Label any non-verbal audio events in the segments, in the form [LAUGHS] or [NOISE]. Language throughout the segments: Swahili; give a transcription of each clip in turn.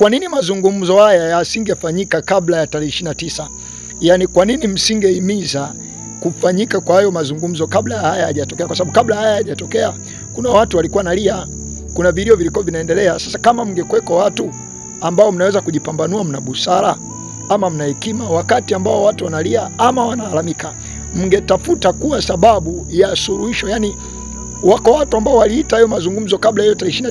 Kwa nini mazungumzo haya yasingefanyika kabla ya tarehe 29? Yaani, kwa nini msingehimiza kufanyika kwa hayo mazungumzo kabla ya haya hajatokea? Kwa sababu kabla haya hajatokea, kuna watu walikuwa nalia, kuna vilio vilikuwa vinaendelea. Sasa kama mngekuweko watu ambao mnaweza kujipambanua, mna busara ama mna hekima, wakati ambao watu wanalia ama wanalalamika, mngetafuta kuwa sababu ya suluhisho. Yani, wako watu ambao waliita hayo mazungumzo kabla ya hiyo tarehe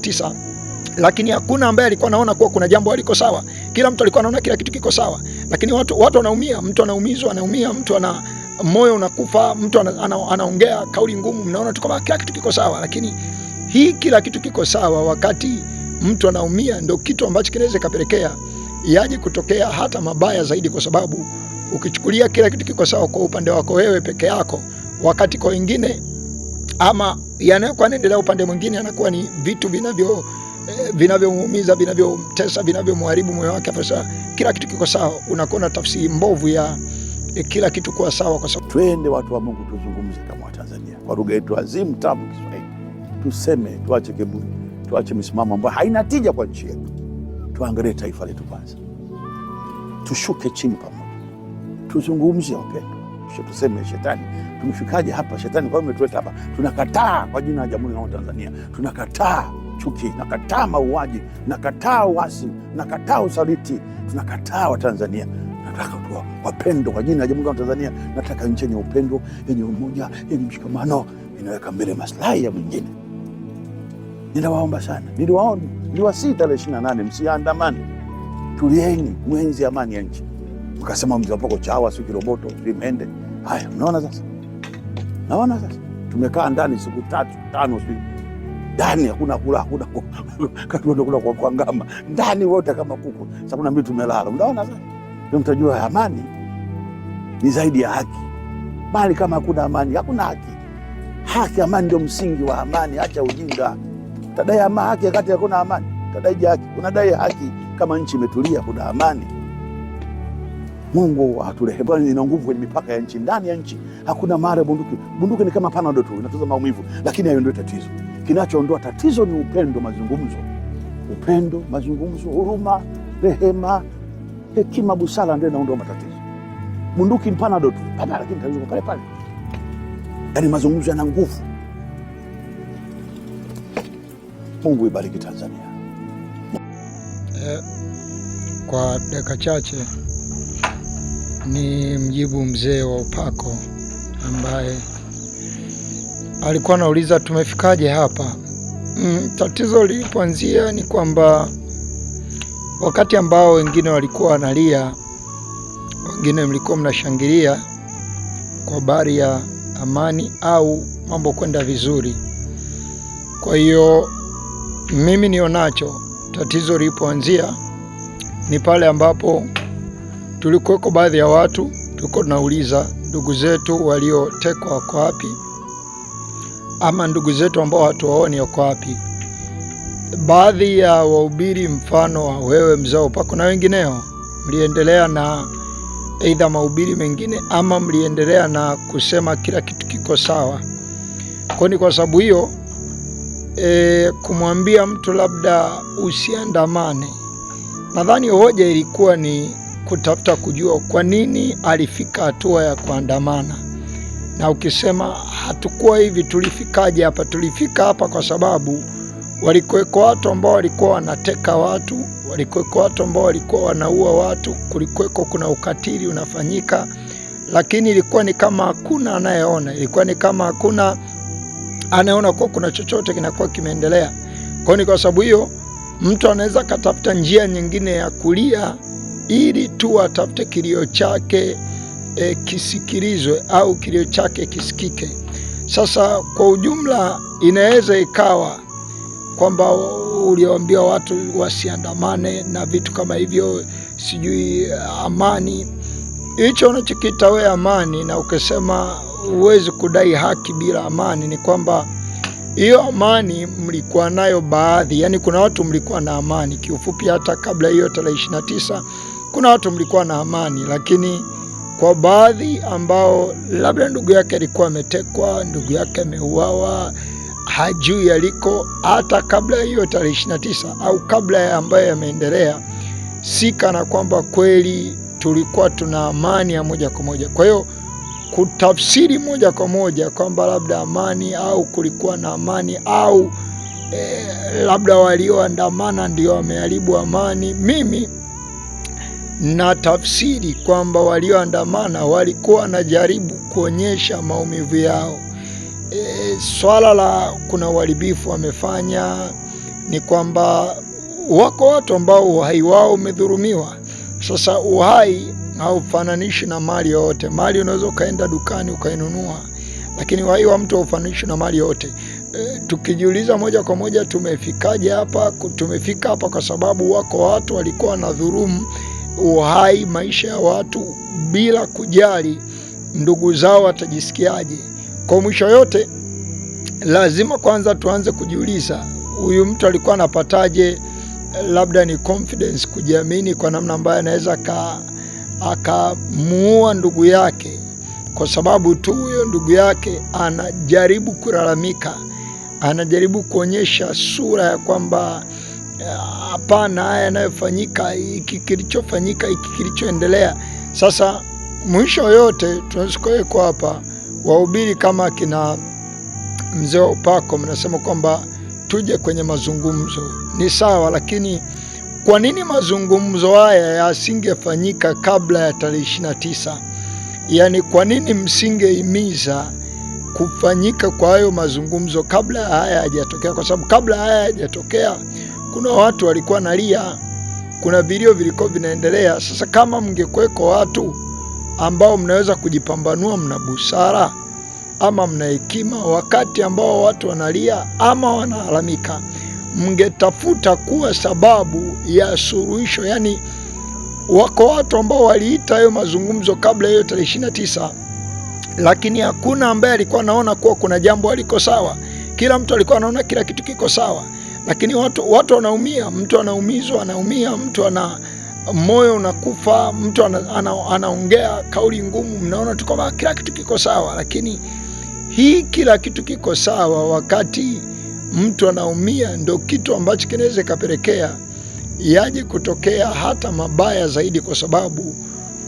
lakini hakuna ambaye alikuwa anaona kuwa kuna jambo aliko sawa. Kila mtu alikuwa anaona kila kitu kiko sawa, lakini watu watu wanaumia, mtu anaumizwa, anaumia mtu ana moyo unakufa, mtu ana, ana, kauli ngumu. Mnaona tu kama kila kitu kiko sawa, lakini hii kila kitu kiko sawa wakati mtu anaumia, ndio kitu ambacho kinaweza kapelekea yaje kutokea hata mabaya zaidi, kwa sababu ukichukulia kila kitu kiko sawa kwa upande wako wewe peke yako, wakati kwa wengine ama yanayokuwa yanaendelea upande mwingine yanakuwa ni vitu vinavyo Eh, vinavyomuumiza, vinavyomtesa, vinavyomharibu moyo wake. Sasa kila kitu kiko sawa, unakuwa na tafsiri mbovu ya e, kila kitu kuwa sawa, kwa sababu twende, watu wa Mungu, tuzungumze kama Watanzania kwa lugha yetu azimu tamu Kiswahili, tuseme, tuache kiburi, tuache misimamo ambayo haina tija kwa nchi yetu, tuangalie taifa letu kwanza, tushuke chini pamoja, tuzungumze wapendwa, okay? Tuseme shetani tumefikaje hapa? Shetani kwa umetuleta hapa. Tunakataa kwa jina la Jamhuri ya Tanzania, tunakataa chuki, nakataa mauaji, nakataa uasi, nakataa usaliti, tunakataa Watanzania. Nataka wapendo kwa jina la Jamhuri ya Tanzania. Nataka nchi yenye upendo, yenye umoja, yenye mshikamano, inaweka mbele maslahi ya mwingine. Ninawaomba sana, niliwaona niliwasii tarehe ishirini na nane, msiandamani, tulieni, mwenzi amani ya nchi. Mkasema mzapoko chawa si kiroboto limende. Haya, mnaona sasa, naona sasa tumekaa ndani siku tatu tano, sijui ndani hakuna kula, hakuna [LAUGHS] kula kwa kwangama ndani wote kama kuku sababu na mimi tumelala. Unaona sasa, ndio mtajua amani ni zaidi ya haki, bali kama hakuna amani hakuna haki. Haki, amani ndio msingi wa amani. Acha ujinga, tadai ama haki wakati hakuna amani, tadai haki. Kuna Unadai haki kama nchi imetulia, kuna amani. Mungu aturehemu. Ina nguvu kwenye mipaka ya nchi, ndani ya nchi hakuna mara bunduki. Bunduki ni kama panado tu, inatoza maumivu, lakini hayo ndio tatizo. Kinachoondoa tatizo ni upendo, mazungumzo, upendo, mazungumzo, huruma, rehema, hekima, busara, ndio inaondoa matatizo. Bunduki mpana dotu pana, lakini tatizo pale pale. Yani mazungumzo yana nguvu. Mungu ibariki Tanzania. Eh, kwa dakika chache ni mjibu mzee wa upako ambaye alikuwa anauliza tumefikaje hapa. Mm, tatizo lilipoanzia ni kwamba wakati ambao wengine walikuwa wanalia, wengine mlikuwa mnashangilia kwa habari ya amani au mambo kwenda vizuri. Kwa hiyo mimi nionacho tatizo lilipoanzia ni pale ambapo tulikuweko baadhi ya watu tulikuwa tunauliza ndugu zetu waliotekwa wako wapi? ama ndugu zetu ambao hatuwaoni wako wapi? Baadhi ya wahubiri mfano wa wewe mzao upako na wengineo, mliendelea na aidha mahubiri mengine ama mliendelea na kusema kila kitu kiko sawa. ni kwa sababu hiyo e, kumwambia mtu labda usiandamane, nadhani hoja ilikuwa ni kutafuta kujua kwa nini alifika hatua ya kuandamana na ukisema hatukuwa hivi, tulifikaje hapa? Tulifika hapa kwa sababu walikuweko watu ambao walikuwa wanateka watu, walikuweko watu ambao walikuwa wanaua watu, kulikuweko kuna ukatili unafanyika, lakini ilikuwa ni kama hakuna anayeona, ilikuwa ni kama hakuna anayeona kuwa kuna chochote kinakuwa kimeendelea. Kwa ni kwa sababu hiyo mtu anaweza akatafuta njia nyingine ya kulia ili tu atafute kilio chake e, kisikilizwe au kilio chake kisikike. Sasa kwa ujumla, inaweza ikawa kwamba ulioambia watu wasiandamane na vitu kama hivyo, sijui eh, amani, hicho unachokita we amani, na ukisema huwezi kudai haki bila amani, ni kwamba hiyo amani mlikuwa nayo baadhi, yani kuna watu mlikuwa na amani kiufupi, hata kabla hiyo tarehe 29 kuna watu mlikuwa na amani, lakini kwa baadhi ambao labda ndugu yake alikuwa ametekwa, ndugu yake ameuawa, hajui yaliko, hata kabla ya hiyo tarehe 29 au kabla ya ambayo yameendelea, si kana kwamba kweli tulikuwa tuna amani ya moja kwa moja. Kwa hiyo kutafsiri moja kwa moja kwamba labda amani au kulikuwa na amani au eh, labda walioandamana ndio wameharibu amani, mimi na tafsiri kwamba walioandamana walikuwa wanajaribu kuonyesha maumivu yao. E, swala la kuna uharibifu wamefanya ni kwamba wako watu ambao uhai wao umedhurumiwa. Sasa uhai haufananishi na mali yoyote. Mali unaweza ukaenda dukani ukainunua, lakini uhai wa mtu haufananishi na mali yoyote. E, tukijiuliza moja kwa moja tumefikaje hapa? Tumefika hapa kwa sababu wako watu walikuwa na dhulumu uhai, maisha ya watu bila kujali ndugu zao watajisikiaje. Kwa mwisho yote, lazima kwanza tuanze kujiuliza huyu mtu alikuwa anapataje, labda ni confidence, kujiamini kwa namna ambayo anaweza akamuua ndugu yake kwa sababu tu huyo ndugu yake anajaribu kulalamika, anajaribu kuonyesha sura ya kwamba hapana, haya yanayofanyika, hiki kilichofanyika, hiki kilichoendelea. Sasa mwisho yote tunazikuwekwa hapa, wahubiri kama akina mzee wa upako, mnasema kwamba tuje kwenye mazungumzo. Ni sawa, lakini kwa nini mazungumzo haya yasingefanyika kabla ya tarehe 29? Yaani, kwa nini msingehimiza kufanyika kwa hayo mazungumzo kabla haya hajatokea? Kwa sababu kabla haya hajatokea kuna watu walikuwa nalia, kuna vilio vilikuwa vinaendelea. Sasa kama mngekuweko watu ambao mnaweza kujipambanua, mna busara ama mna hekima, wakati ambao watu wanalia ama wanalalamika, mngetafuta kuwa sababu ya suluhisho. Yani, wako watu ambao waliita hayo mazungumzo kabla ya hiyo tarehe ishirini na tisa lakini hakuna ambaye alikuwa anaona kuwa kuna jambo aliko sawa. Kila mtu alikuwa anaona kila kitu kiko sawa lakini watu watu wanaumia, mtu anaumizwa, anaumia mtu ana moyo unakufa, mtu anaongea ana kauli ngumu. Mnaona tu kwamba kila kitu kiko sawa, lakini hii kila kitu kiko sawa wakati mtu anaumia, ndo kitu ambacho kinaweza ikapelekea yaje kutokea hata mabaya zaidi, kwa sababu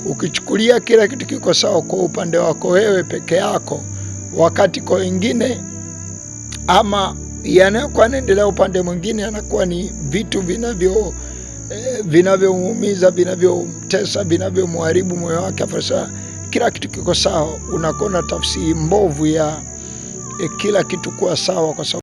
ukichukulia kila kitu kiko sawa kwa upande wako wewe peke yako, wakati kwa wengine ama yanayokuwa yanaendelea upande mwingine yanakuwa ni vitu vinavyo eh, vinavyomuumiza vinavyomtesa vinavyomharibu moyo wake. Afasa kila kitu kiko sawa, unakuwa na tafsiri mbovu ya eh, kila kitu kuwa sawa kwa sababu